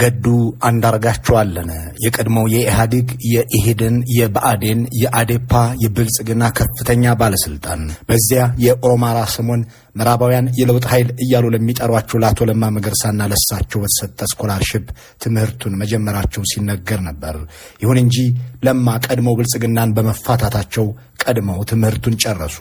ገዱ አንዳርጋቸው አለን የቀድሞው የኢህአዴግ የኢሄድን፣ የብአዴን የአዴፓ የብልጽግና ከፍተኛ ባለስልጣን በዚያ የኦሮማራ ስሙን ምዕራባውያን የለውጥ ኃይል እያሉ ለሚጠሯቸው ለአቶ ለማ መገርሳና ለሳቸው በተሰጠ ስኮላርሽፕ ትምህርቱን መጀመራቸው ሲነገር ነበር። ይሁን እንጂ ለማ ቀድሞ ብልጽግናን በመፋታታቸው ቀድመው ትምህርቱን ጨረሱ።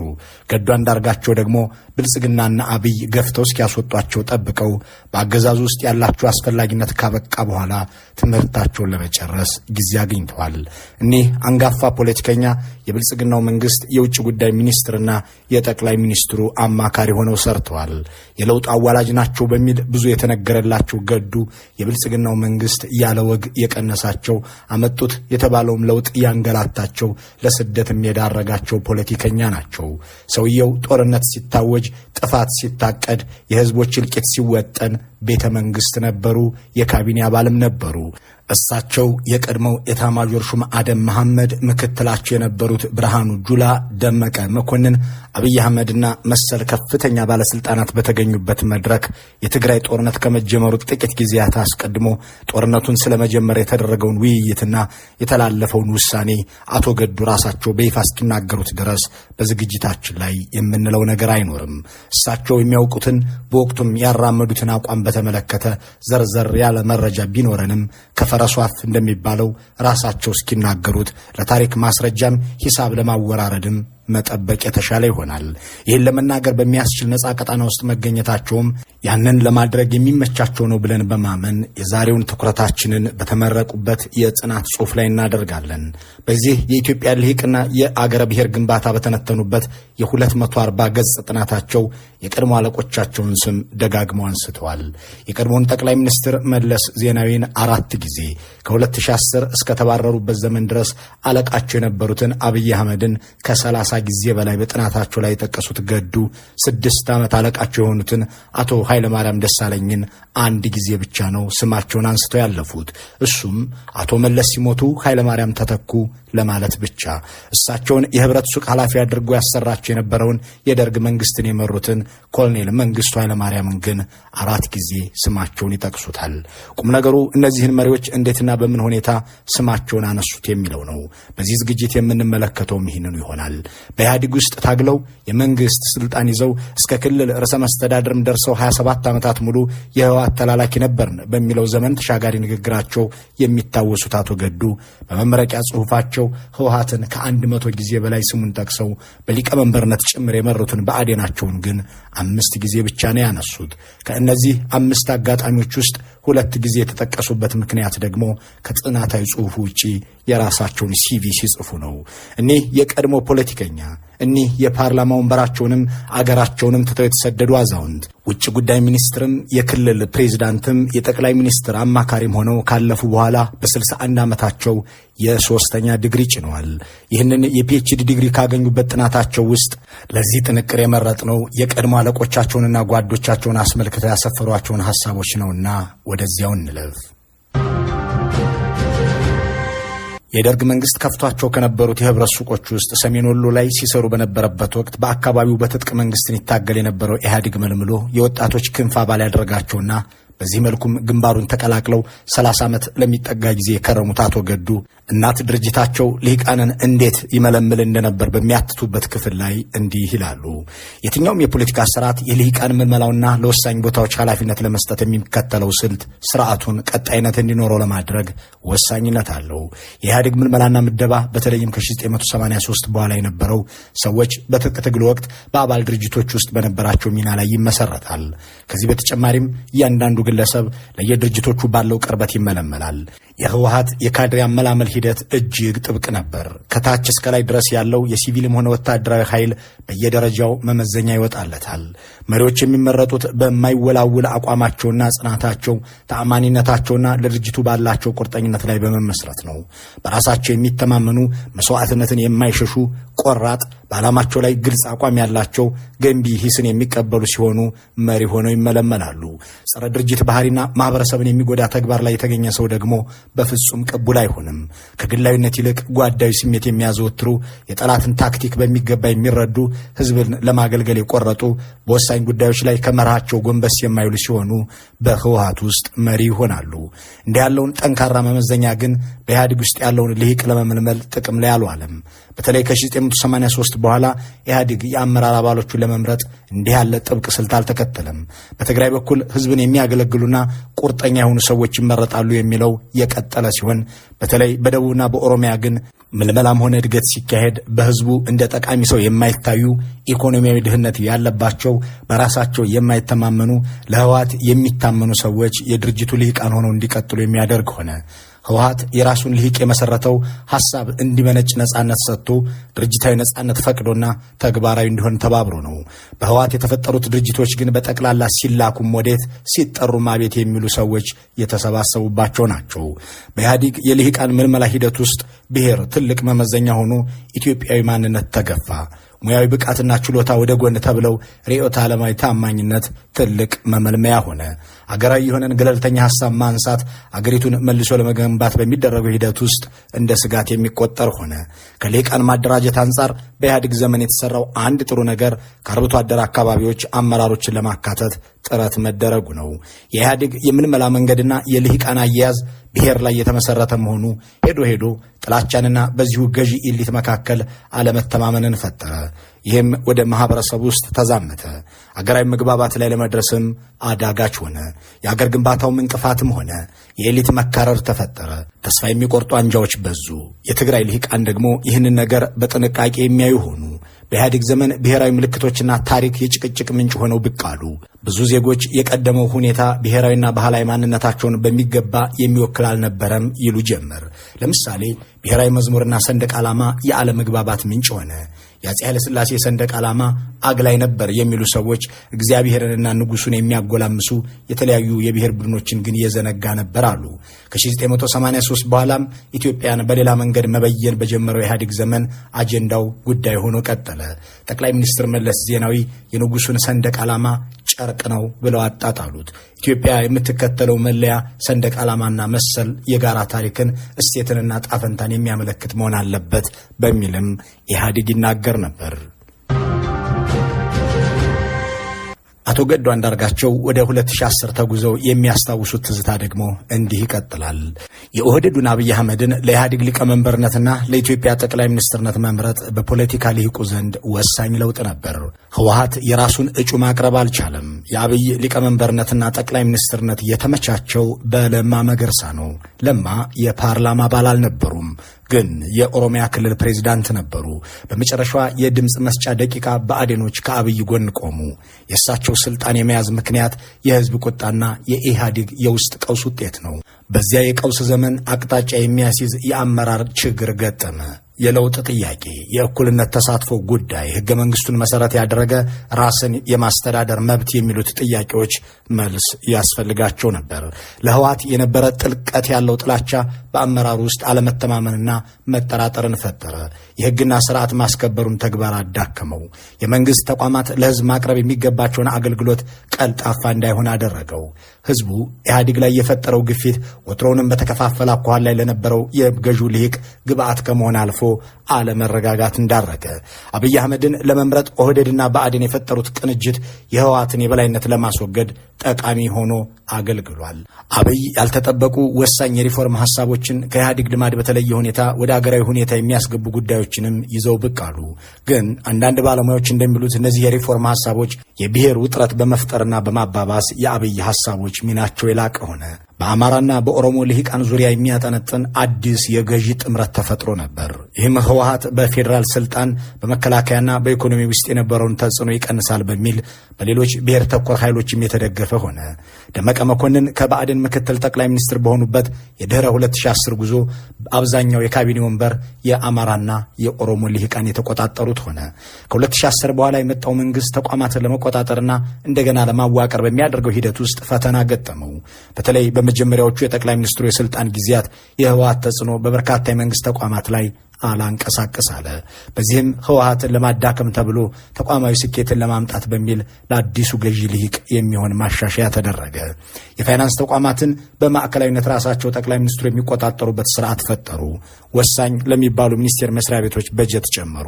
ገዱ አንዳርጋቸው ደግሞ ብልጽግናና አብይ ገፍተው እስኪያስወጧቸው ጠብቀው በአገዛዙ ውስጥ ያላቸው አስፈላጊነት ካበቃ በኋላ ትምህርታቸውን ለመጨረስ ጊዜ አግኝተዋል። እኒህ አንጋፋ ፖለቲከኛ የብልጽግናው መንግስት የውጭ ጉዳይ ሚኒስትርና የጠቅላይ ሚኒስትሩ አማካሪ ሆነው ሰርተዋል። የለውጥ አዋላጅ ናቸው በሚል ብዙ የተነገረላቸው ገዱ የብልጽግናው መንግስት ያለ ወግ የቀነሳቸው አመጡት የተባለውም ለውጥ ያንገላታቸው ለስደት የዳረጋ ያላቸው ፖለቲከኛ ናቸው። ሰውየው ጦርነት ሲታወጅ፣ ጥፋት ሲታቀድ፣ የህዝቦች እልቂት ሲወጠን ቤተ መንግስት ነበሩ። የካቢኔ አባልም ነበሩ። እሳቸው የቀድሞው ኤታማዦር ሹም አደም መሐመድ፣ ምክትላቸው የነበሩት ብርሃኑ ጁላ፣ ደመቀ መኮንን አብይ አህመድና መሰል ከፍተኛ ባለስልጣናት በተገኙበት መድረክ የትግራይ ጦርነት ከመጀመሩ ጥቂት ጊዜያት አስቀድሞ ጦርነቱን ስለመጀመር የተደረገውን ውይይትና የተላለፈውን ውሳኔ አቶ ገዱ ራሳቸው በይፋ እስኪናገሩት ድረስ በዝግጅታችን ላይ የምንለው ነገር አይኖርም። እሳቸው የሚያውቁትን በወቅቱም ያራመዱትን አቋም በተመለከተ ዘርዘር ያለ መረጃ ቢኖረንም ከፈረሱ አፍ እንደሚባለው ራሳቸው እስኪናገሩት ለታሪክ ማስረጃም ሂሳብ ለማወራረድም መጠበቅ የተሻለ ይሆናል። ይህን ለመናገር በሚያስችል ነፃ ቀጣና ውስጥ መገኘታቸውም ያንን ለማድረግ የሚመቻቸው ነው ብለን በማመን የዛሬውን ትኩረታችንን በተመረቁበት የጽናት ጽሑፍ ላይ እናደርጋለን። በዚህ የኢትዮጵያ ልሂቅና የአገረ ብሔር ግንባታ በተነተኑበት የ240 ገጽ ጥናታቸው የቀድሞ አለቆቻቸውን ስም ደጋግመው አንስተዋል። የቀድሞውን ጠቅላይ ሚኒስትር መለስ ዜናዊን አራት ጊዜ ከ2010 እስከተባረሩበት ዘመን ድረስ አለቃቸው የነበሩትን አብይ አህመድን ከ30 ከሰላሳ ጊዜ በላይ በጥናታቸው ላይ የጠቀሱት ገዱ ስድስት ዓመት አለቃቸው የሆኑትን አቶ ኃይለማርያም ደሳለኝን አንድ ጊዜ ብቻ ነው ስማቸውን አንስተው ያለፉት። እሱም አቶ መለስ ሲሞቱ ኃይለማርያም ተተኩ ለማለት ብቻ። እሳቸውን የህብረት ሱቅ ኃላፊ አድርጎ ያሰራቸው የነበረውን የደርግ መንግስትን የመሩትን ኮሎኔል መንግስቱ ኃይለማርያምን ግን አራት ጊዜ ስማቸውን ይጠቅሱታል። ቁም ነገሩ እነዚህን መሪዎች እንዴትና በምን ሁኔታ ስማቸውን አነሱት የሚለው ነው። በዚህ ዝግጅት የምንመለከተውም ይህንኑ ይሆናል። በኢህአዲግ ውስጥ ታግለው የመንግስት ስልጣን ይዘው እስከ ክልል ርዕሰ መስተዳድርም ደርሰው 27 ዓመታት ሙሉ የህወሓት ተላላኪ ነበርን በሚለው ዘመን ተሻጋሪ ንግግራቸው የሚታወሱት አቶ ገዱ በመመረቂያ ጽሁፋቸው ህወሓትን ከአንድ መቶ ጊዜ በላይ ስሙን ጠቅሰው በሊቀመንበርነት ጭምር የመሩትን ብአዴናቸውን ግን አምስት ጊዜ ብቻ ነው ያነሱት። ከእነዚህ አምስት አጋጣሚዎች ውስጥ ሁለት ጊዜ የተጠቀሱበት ምክንያት ደግሞ ከጥናታዊ ጽሑፉ ውጪ የራሳቸውን ሲቪ ሲጽፉ ነው። እኒህ የቀድሞ ፖለቲከኛ እኒህ የፓርላማ ወንበራቸውንም አገራቸውንም ትተው የተሰደዱ አዛውንት ውጭ ጉዳይ ሚኒስትርም የክልል ፕሬዚዳንትም የጠቅላይ ሚኒስትር አማካሪም ሆነው ካለፉ በኋላ በ61 ዓመታቸው የሶስተኛ ዲግሪ ጭነዋል። ይህንን የፒኤችዲ ዲግሪ ካገኙበት ጥናታቸው ውስጥ ለዚህ ጥንቅር የመረጥነው የቀድሞ አለቆቻቸውንና ጓዶቻቸውን አስመልክተው ያሰፈሯቸውን ሀሳቦች ነውና ወደዚያው እንለፍ። የደርግ መንግስት ከፍቷቸው ከነበሩት የህብረት ሱቆች ውስጥ ሰሜን ወሎ ላይ ሲሰሩ በነበረበት ወቅት በአካባቢው በትጥቅ መንግስትን ይታገል የነበረው ኢህአዴግ መልምሎ የወጣቶች ክንፍ አባል ያደረጋቸውና በዚህ መልኩም ግንባሩን ተቀላቅለው ሰላሳ ዓመት ለሚጠጋ ጊዜ የከረሙት አቶ ገዱ እናት ድርጅታቸው ልሂቃንን እንዴት ይመለምል እንደነበር በሚያትቱበት ክፍል ላይ እንዲህ ይላሉ። የትኛውም የፖለቲካ ስርዓት የሊቃን ምልመላውና ለወሳኝ ቦታዎች ኃላፊነት ለመስጠት የሚከተለው ስልት ስርዓቱን ቀጣይነት እንዲኖረው ለማድረግ ወሳኝነት አለው። የኢህአዴግ ምልመላና ምደባ በተለይም ከ1983 በኋላ የነበረው ሰዎች በትጥቅ ትግል ወቅት በአባል ድርጅቶች ውስጥ በነበራቸው ሚና ላይ ይመሰረታል። ከዚህ በተጨማሪም እያንዳንዱ ግለሰብ ለየድርጅቶቹ ባለው ቅርበት ይመለመላል። የህወሀት የካድሬ አመላመል ሂደት እጅግ ጥብቅ ነበር። ከታች እስከ ላይ ድረስ ያለው የሲቪልም ሆነ ወታደራዊ ኃይል በየደረጃው መመዘኛ ይወጣለታል። መሪዎች የሚመረጡት በማይወላውል አቋማቸውና ጽናታቸው፣ ተአማኒነታቸውና ለድርጅቱ ባላቸው ቁርጠኝነት ላይ በመመስረት ነው። በራሳቸው የሚተማመኑ መስዋዕትነትን የማይሸሹ ቆራጥ፣ በዓላማቸው ላይ ግልጽ አቋም ያላቸው ገንቢ ሂስን የሚቀበሉ ሲሆኑ መሪ ሆነው ይመለመላሉ። ጸረ ድርጅት ባህሪና ማህበረሰብን የሚጎዳ ተግባር ላይ የተገኘ ሰው ደግሞ በፍጹም ቅቡል አይሆንም። ከግላዊነት ይልቅ ጓዳዊ ስሜት የሚያዘወትሩ የጠላትን ታክቲክ በሚገባ የሚረዱ ህዝብን ለማገልገል የቆረጡ በወሳኝ ጉዳዮች ላይ ከመርሃቸው ጎንበስ የማይሉ ሲሆኑ በህወሀት ውስጥ መሪ ይሆናሉ። እንዲህ ያለውን ጠንካራ መመዘኛ ግን በኢህአዴግ ውስጥ ያለውን ልሂቅ ለመመልመል ጥቅም ላይ አልዋለም። በተለይ ከ1983 በኋላ ኢህአዴግ የአመራር አባሎቹን ለመምረጥ እንዲህ ያለ ጥብቅ ስልት አልተከተለም። በትግራይ በኩል ህዝብን የሚያገለግሉና ቁርጠኛ የሆኑ ሰዎች ይመረጣሉ የሚለው የቀጠለ ሲሆን በተለይ በደቡብና በኦሮሚያ ግን ምልመላም ሆነ እድገት ሲካሄድ በህዝቡ እንደ ጠቃሚ ሰው የማይታዩ ኢኮኖሚያዊ ድህነት ያለባቸው በራሳቸው የማይተማመኑ ለህወሓት የሚታመኑ ሰዎች የድርጅቱ ልሂቃን ሆነው እንዲቀጥሉ የሚያደርግ ሆነ። ህወሀት የራሱን ልሂቅ የመሰረተው ሀሳብ እንዲመነጭ ነጻነት ሰጥቶ ድርጅታዊ ነጻነት ፈቅዶና ተግባራዊ እንዲሆን ተባብሮ ነው። በህወሀት የተፈጠሩት ድርጅቶች ግን በጠቅላላ ሲላኩም ወዴት ሲጠሩ ማቤት የሚሉ ሰዎች የተሰባሰቡባቸው ናቸው። በኢህአዲግ የልሂቃን ምልመላ ሂደት ውስጥ ብሔር ትልቅ መመዘኛ ሆኖ ኢትዮጵያዊ ማንነት ተገፋ። ሙያዊ ብቃትና ችሎታ ወደ ጎን ተብለው ርዕዮተ ዓለማዊ ታማኝነት ትልቅ መመልመያ ሆነ። አገራዊ የሆነን ገለልተኛ ሀሳብ ማንሳት አገሪቱን መልሶ ለመገንባት በሚደረገው ሂደት ውስጥ እንደ ስጋት የሚቆጠር ሆነ። ከሌቃን ማደራጀት አንጻር በኢህአዴግ ዘመን የተሰራው አንድ ጥሩ ነገር ከአርብቶ አደር አካባቢዎች አመራሮችን ለማካተት ጥረት መደረጉ ነው። የኢህአዴግ የምልመላ መንገድና የልሂቃን አያያዝ ብሔር ላይ የተመሰረተ መሆኑ ሄዶ ሄዶ ጥላቻንና በዚሁ ገዢ ኢሊት መካከል አለመተማመንን ፈጠረ። ይህም ወደ ማህበረሰብ ውስጥ ተዛመተ። አገራዊ መግባባት ላይ ለመድረስም አዳጋች ሆነ። የአገር ግንባታውም እንቅፋትም ሆነ። የኤሊት መካረር ተፈጠረ። ተስፋ የሚቆርጡ አንጃዎች በዙ። የትግራይ ልሂቃን ደግሞ ይህንን ነገር በጥንቃቄ የሚያዩ ሆኑ። በኢህአዴግ ዘመን ብሔራዊ ምልክቶችና ታሪክ የጭቅጭቅ ምንጭ ሆነው ብቅ አሉ። ብዙ ዜጎች የቀደመው ሁኔታ ብሔራዊና ባህላዊ ማንነታቸውን በሚገባ የሚወክል አልነበረም ይሉ ጀመር። ለምሳሌ ብሔራዊ መዝሙርና ሰንደቅ ዓላማ የአለመግባባት ምንጭ ሆነ። የአፄ ኃይለሥላሴ ሰንደቅ ዓላማ አግላይ ነበር የሚሉ ሰዎች እግዚአብሔርንና ንጉሱን የሚያጎላምሱ የተለያዩ የብሔር ቡድኖችን ግን የዘነጋ ነበር አሉ። ከ1983 በኋላም ኢትዮጵያን በሌላ መንገድ መበየን በጀመረው የኢህአዴግ ዘመን አጀንዳው ጉዳይ ሆኖ ቀጠለ። ጠቅላይ ሚኒስትር መለስ ዜናዊ የንጉሱን ሰንደቅ ዓላማ ጨርቅ ነው ብለው አጣጣሉት። ኢትዮጵያ የምትከተለው መለያ ሰንደቅ ዓላማና መሰል የጋራ ታሪክን እሴትንና ጣፈንታን የሚያመለክት መሆን አለበት በሚልም ኢህአዴግ ይናገር ነበር። አቶ ገዱ አንዳርጋቸው ወደ 2010 ተጉዘው የሚያስታውሱት ትዝታ ደግሞ እንዲህ ይቀጥላል። የኦህደዱን አብይ አህመድን ለኢህአዴግ ሊቀመንበርነትና ለኢትዮጵያ ጠቅላይ ሚኒስትርነት መምረጥ በፖለቲካ ሊህቁ ዘንድ ወሳኝ ለውጥ ነበር። ህወሀት የራሱን እጩ ማቅረብ አልቻለም። የአብይ ሊቀመንበርነትና ጠቅላይ ሚኒስትርነት የተመቻቸው በለማ መገርሳ ነው። ለማ የፓርላማ አባል አልነበሩም ግን የኦሮሚያ ክልል ፕሬዚዳንት ነበሩ። በመጨረሻዋ የድምፅ መስጫ ደቂቃ በአዴኖች ከአብይ ጎን ቆሙ። የእሳቸው ስልጣን የመያዝ ምክንያት የህዝብ ቁጣና የኢህአዴግ የውስጥ ቀውስ ውጤት ነው። በዚያ የቀውስ ዘመን አቅጣጫ የሚያስይዝ የአመራር ችግር ገጠመ። የለውጥ ጥያቄ፣ የእኩልነት ተሳትፎ ጉዳይ፣ ህገ መንግስቱን መሰረት ያደረገ ራስን የማስተዳደር መብት የሚሉት ጥያቄዎች መልስ ያስፈልጋቸው ነበር። ለህወሓት የነበረ ጥልቀት ያለው ጥላቻ በአመራሩ ውስጥ አለመተማመንና መጠራጠርን ፈጠረ። የህግና ስርዓት ማስከበሩን ተግባር አዳከመው። የመንግስት ተቋማት ለህዝብ ማቅረብ የሚገባቸውን አገልግሎት ቀልጣፋ እንዳይሆን አደረገው። ህዝቡ ኢህአዲግ ላይ የፈጠረው ግፊት ወትሮውንም በተከፋፈለ አኳኋን ላይ ለነበረው የገዢው ልሂቅ ግብአት ከመሆን አልፎ አለመረጋጋት እንዳረገ አብይ አህመድን ለመምረጥ ኦህዴድና ብአዴን የፈጠሩት ቅንጅት የህወሓትን የበላይነት ለማስወገድ ጠቃሚ ሆኖ አገልግሏል። አብይ ያልተጠበቁ ወሳኝ የሪፎርም ሀሳቦችን ከኢህአዴግ ልማድ በተለየ ሁኔታ ወደ አገራዊ ሁኔታ የሚያስገቡ ጉዳዮችንም ይዘው ብቅ አሉ። ግን አንዳንድ ባለሙያዎች እንደሚሉት እነዚህ የሪፎርም ሀሳቦች የብሔር ውጥረት በመፍጠርና በማባባስ የአብይ ሀሳቦች ሚናቸው የላቀ ሆነ። በአማራና በኦሮሞ ልሂቃን ዙሪያ የሚያጠነጥን አዲስ የገዢ ጥምረት ተፈጥሮ ነበር። ይህም ህወሀት በፌዴራል ስልጣን በመከላከያና በኢኮኖሚ ውስጥ የነበረውን ተጽዕኖ ይቀንሳል በሚል በሌሎች ብሔር ተኮር ኃይሎችም የተደገፈ ሆነ። ደመቀ መኮንን ከብአዴን ምክትል ጠቅላይ ሚኒስትር በሆኑበት የድኅረ 2010 ጉዞ አብዛኛው የካቢኔ ወንበር የአማራና የኦሮሞ ልሂቃን የተቆጣጠሩት ሆነ። ከ2010 በኋላ የመጣው መንግስት ተቋማትን ለመቆጣጠርና እንደገና ለማዋቀር በሚያደርገው ሂደት ውስጥ ፈተና ገጠመው። በተለይ በመጀመሪያዎቹ የጠቅላይ ሚኒስትሩ የስልጣን ጊዜያት የህወሀት ተጽዕኖ በበርካታ የመንግስት ተቋማት ላይ አላንቀሳቀስ አለ። በዚህም ህወሀትን ለማዳከም ተብሎ ተቋማዊ ስኬትን ለማምጣት በሚል ለአዲሱ ገዢ ልሂቅ የሚሆን ማሻሻያ ተደረገ። የፋይናንስ ተቋማትን በማዕከላዊነት ራሳቸው ጠቅላይ ሚኒስትሩ የሚቆጣጠሩበት ስርዓት ፈጠሩ። ወሳኝ ለሚባሉ ሚኒስቴር መስሪያ ቤቶች በጀት ጨመሩ።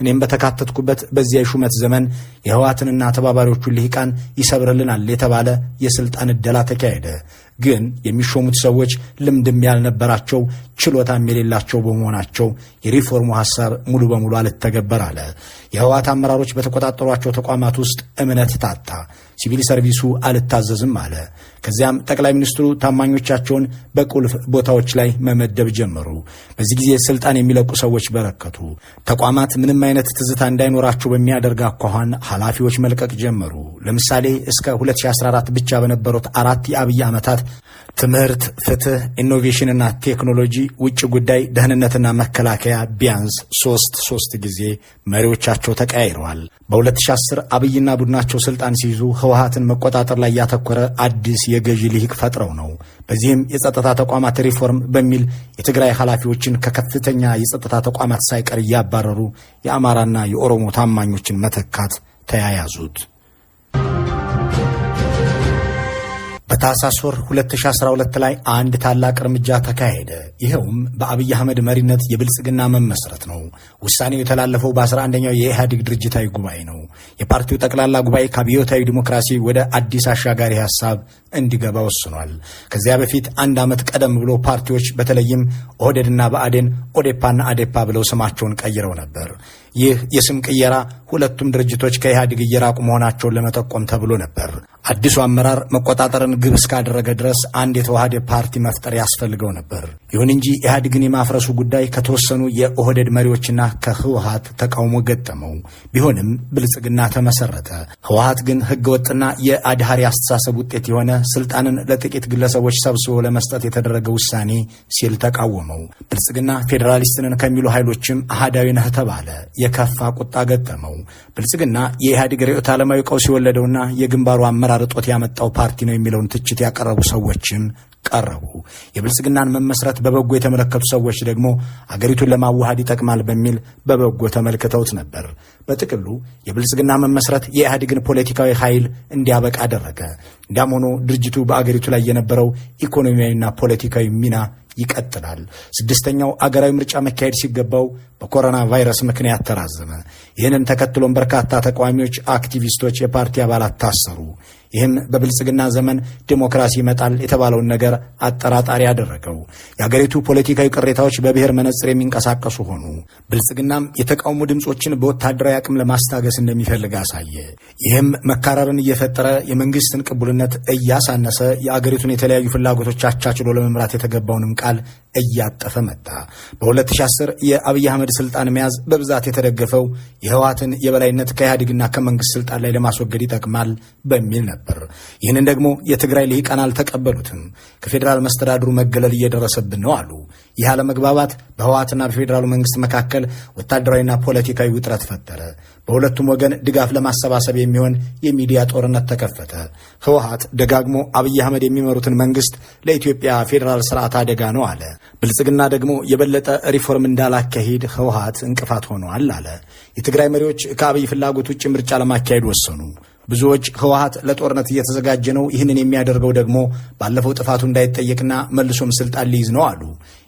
እኔም በተካተትኩበት በዚያ የሹመት ዘመን የህወሀትንና ተባባሪዎቹን ልሂቃን ይሰብርልናል የተባለ የስልጣን እደላ ተካሄደ። ግን የሚሾሙት ሰዎች ልምድም ያልነበራቸው ችሎታም የሌላቸው በመሆናቸው የሪፎርሙ ሐሳብ ሙሉ በሙሉ አልተገበር አለ። የህወሓት አመራሮች በተቆጣጠሯቸው ተቋማት ውስጥ እምነት ታጣ። ሲቪል ሰርቪሱ አልታዘዝም አለ። ከዚያም ጠቅላይ ሚኒስትሩ ታማኞቻቸውን በቁልፍ ቦታዎች ላይ መመደብ ጀመሩ። በዚህ ጊዜ ስልጣን የሚለቁ ሰዎች በረከቱ። ተቋማት ምንም አይነት ትዝታ እንዳይኖራቸው በሚያደርግ አኳኋን ኃላፊዎች መልቀቅ ጀመሩ። ለምሳሌ እስከ 2014 ብቻ በነበሩት አራት የአብይ ዓመታት ትምህርት፣ ፍትህ፣ ኢኖቬሽንና ቴክኖሎጂ፣ ውጭ ጉዳይ፣ ደህንነትና መከላከያ ቢያንስ ሶስት ሶስት ጊዜ መሪዎቻቸው ተቀያይረዋል። በ2010 አብይና ቡድናቸው ስልጣን ሲይዙ ህወሀትን መቆጣጠር ላይ ያተኮረ አዲስ የገዢ ልሂቅ ፈጥረው ነው። በዚህም የጸጥታ ተቋማት ሪፎርም በሚል የትግራይ ኃላፊዎችን ከከፍተኛ የጸጥታ ተቋማት ሳይቀር እያባረሩ የአማራና የኦሮሞ ታማኞችን መተካት ተያያዙት። በታህሳስ ወር 2012 ላይ አንድ ታላቅ እርምጃ ተካሄደ። ይኸውም በአብይ አህመድ መሪነት የብልጽግና መመስረት ነው። ውሳኔው የተላለፈው በ11ኛው የኢህአዴግ ድርጅታዊ ጉባኤ ነው። የፓርቲው ጠቅላላ ጉባኤ ከአብዮታዊ ዲሞክራሲ ወደ አዲስ አሻጋሪ ሀሳብ እንዲገባ ወስኗል። ከዚያ በፊት አንድ ዓመት ቀደም ብሎ ፓርቲዎች በተለይም ኦህደድና ብአዴን፣ ኦዴፓና አዴፓ ብለው ስማቸውን ቀይረው ነበር። ይህ የስም ቅየራ ሁለቱም ድርጅቶች ከኢህአዴግ እየራቁ መሆናቸውን ለመጠቆም ተብሎ ነበር። አዲሱ አመራር መቆጣጠርን ግብ እስካደረገ ድረስ አንድ የተዋሃደ ፓርቲ መፍጠር ያስፈልገው ነበር። ይሁን እንጂ ኢህአዴግን የማፍረሱ ጉዳይ ከተወሰኑ የኦህደድ መሪዎችና ከህወሀት ተቃውሞ ገጠመው። ቢሆንም ብልጽግና ተመሰረተ። ህወሀት ግን ህገወጥና የአድሃሪ አስተሳሰብ ውጤት የሆነ ስልጣንን ለጥቂት ግለሰቦች ሰብስቦ ለመስጠት የተደረገ ውሳኔ ሲል ተቃወመው። ብልጽግና ፌዴራሊስትንን ከሚሉ ኃይሎችም አህዳዊ ነህ ተባለ። የከፋ ቁጣ ገጠመው። ብልጽግና የኢህአዴግ ርዕዮተ ዓለማዊ ቀውስ የወለደውና የግንባሩ አመራር ርጦት ያመጣው ፓርቲ ነው የሚለውን ትችት ያቀረቡ ሰዎችም ቀረቡ። የብልጽግናን መመስረት በበጎ የተመለከቱ ሰዎች ደግሞ አገሪቱን ለማዋሃድ ይጠቅማል በሚል በበጎ ተመልክተውት ነበር። በጥቅሉ የብልጽግና መመስረት የኢህአዴግን ፖለቲካዊ ኃይል እንዲያበቃ አደረገ። እንዲያም ሆኖ ድርጅቱ በአገሪቱ ላይ የነበረው ኢኮኖሚያዊና ፖለቲካዊ ሚና ይቀጥላል። ስድስተኛው አገራዊ ምርጫ መካሄድ ሲገባው በኮሮና ቫይረስ ምክንያት ተራዘመ። ይህንን ተከትሎም በርካታ ተቃዋሚዎች፣ አክቲቪስቶች፣ የፓርቲ አባላት ታሰሩ። ይህም በብልጽግና ዘመን ዲሞክራሲ ይመጣል የተባለውን ነገር አጠራጣሪ ያደረገው። የአገሪቱ ፖለቲካዊ ቅሬታዎች በብሔር መነጽር የሚንቀሳቀሱ ሆኑ። ብልጽግናም የተቃውሞ ድምፆችን በወታደራዊ አቅም ለማስታገስ እንደሚፈልግ አሳየ። ይህም መካረርን እየፈጠረ የመንግስትን ቅቡልነት እያሳነሰ የአገሪቱን የተለያዩ ፍላጎቶች አቻችሎ ለመምራት የተገባውንም ቃል እያጠፈ መጣ። በ2010 የአብይ አህመድ ስልጣን መያዝ በብዛት የተደገፈው የህወሓትን የበላይነት ከኢህአዴግና ከመንግስት ስልጣን ላይ ለማስወገድ ይጠቅማል በሚል ነበር። ነበር። ይህንን ደግሞ የትግራይ ልሂቃን አልተቀበሉትም። ከፌዴራል መስተዳድሩ መገለል እየደረሰብን ነው አሉ። ይህ አለመግባባት በህወሓትና በፌዴራሉ መንግስት መካከል ወታደራዊና ፖለቲካዊ ውጥረት ፈጠረ። በሁለቱም ወገን ድጋፍ ለማሰባሰብ የሚሆን የሚዲያ ጦርነት ተከፈተ። ህወሓት ደጋግሞ አብይ አህመድ የሚመሩትን መንግስት ለኢትዮጵያ ፌዴራል ስርዓት አደጋ ነው አለ። ብልጽግና ደግሞ የበለጠ ሪፎርም እንዳላካሄድ ህወሓት እንቅፋት ሆኗል አለ። የትግራይ መሪዎች ከአብይ ፍላጎት ውጭ ምርጫ ለማካሄድ ወሰኑ። ብዙዎች ህወሀት ለጦርነት እየተዘጋጀ ነው፣ ይህንን የሚያደርገው ደግሞ ባለፈው ጥፋቱ እንዳይጠየቅና መልሶም ስልጣን ሊይዝ ነው አሉ።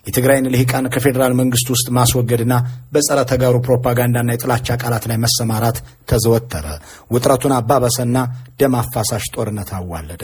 የትግራይን ልሂቃን ከፌዴራል መንግስት ውስጥ ማስወገድና በጸረ ተጋሩ ፕሮፓጋንዳና የጥላቻ ቃላት ላይ መሰማራት ተዘወተረ። ውጥረቱን አባበሰና ደም አፋሳሽ ጦርነት አዋለደ።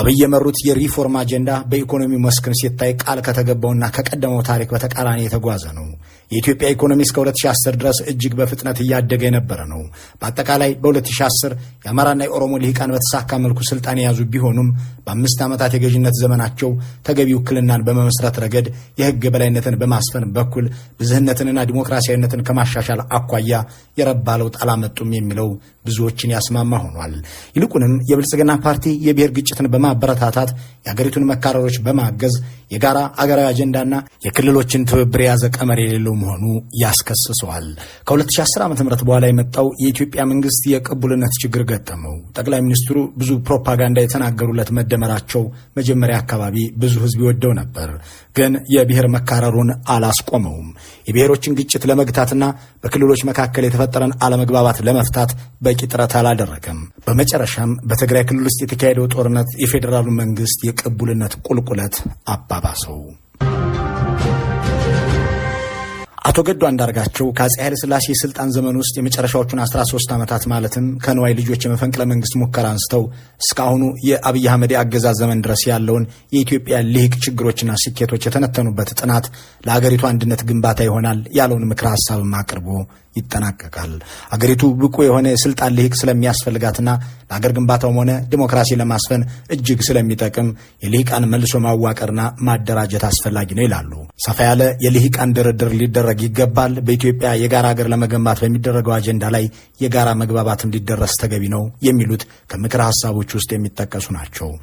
አብይ የመሩት የሪፎርም አጀንዳ በኢኮኖሚ መስክን ሲታይ ቃል ከተገባውና ከቀደመው ታሪክ በተቃራኒ የተጓዘ ነው። የኢትዮጵያ ኢኮኖሚ እስከ 2010 ድረስ እጅግ በፍጥነት እያደገ የነበረ ነው። በአጠቃላይ በ2010 የአማራና የኦሮሞ ልሂቃን በተሳካ መልኩ ስልጣን የያዙ ቢሆኑም በአምስት ዓመታት የገዥነት ዘመናቸው ተገቢ ውክልናን በመመስረት ረገድ የህግ የበላይነትን በማስፈን በኩል ብዝህነትንና ዲሞክራሲያዊነትን ከማሻሻል አኳያ የረባ ለውጥ አላመጡም የሚለው ብዙዎችን ያስማማ ሆኗል። ይልቁንም የብልጽግና ፓርቲ የብሔር ግጭትን በማበረታታት የአገሪቱን መካረሮች በማገዝ የጋራ አገራዊ አጀንዳና የክልሎችን ትብብር የያዘ ቀመር የሌለው ያለው መሆኑ ያስከስሰዋል። ከ2010 ዓ ም በኋላ የመጣው የኢትዮጵያ መንግስት የቅቡልነት ችግር ገጠመው። ጠቅላይ ሚኒስትሩ ብዙ ፕሮፓጋንዳ የተናገሩለት መደመራቸው መጀመሪያ አካባቢ ብዙ ህዝብ ይወደው ነበር፣ ግን የብሔር መካረሩን አላስቆመውም። የብሔሮችን ግጭት ለመግታትና በክልሎች መካከል የተፈጠረን አለመግባባት ለመፍታት በቂ ጥረት አላደረገም። በመጨረሻም በትግራይ ክልል ውስጥ የተካሄደው ጦርነት የፌዴራሉ መንግስት የቅቡልነት ቁልቁለት አባባሰው። አቶ ገዱ አንዳርጋቸው ከአጼ ኃይለሥላሴ ስልጣን ዘመን ውስጥ የመጨረሻዎቹን 13 ዓመታት ማለትም ከንዋይ ልጆች የመፈንቅለ መንግስት ሙከራ አንስተው እስካሁኑ የአብይ አህመድ አገዛዝ ዘመን ድረስ ያለውን የኢትዮጵያ ልሂቅ ችግሮችና ስኬቶች የተነተኑበት ጥናት ለሀገሪቱ አንድነት ግንባታ ይሆናል ያለውን ምክረ ሀሳብ አቅርቦ ይጠናቀቃል። አገሪቱ ብቁ የሆነ የስልጣን ልሂቅ ስለሚያስፈልጋትና ለአገር ግንባታውም ሆነ ዲሞክራሲ ለማስፈን እጅግ ስለሚጠቅም የልሂቃን መልሶ ማዋቀርና ማደራጀት አስፈላጊ ነው ይላሉ። ሰፋ ያለ የልሂቃን ድርድር ሊደረግ ሊደረግ ይገባል። በኢትዮጵያ የጋራ ሀገር ለመገንባት በሚደረገው አጀንዳ ላይ የጋራ መግባባትም ሊደረስ ተገቢ ነው የሚሉት ከምክረ ሀሳቦች ውስጥ የሚጠቀሱ ናቸው።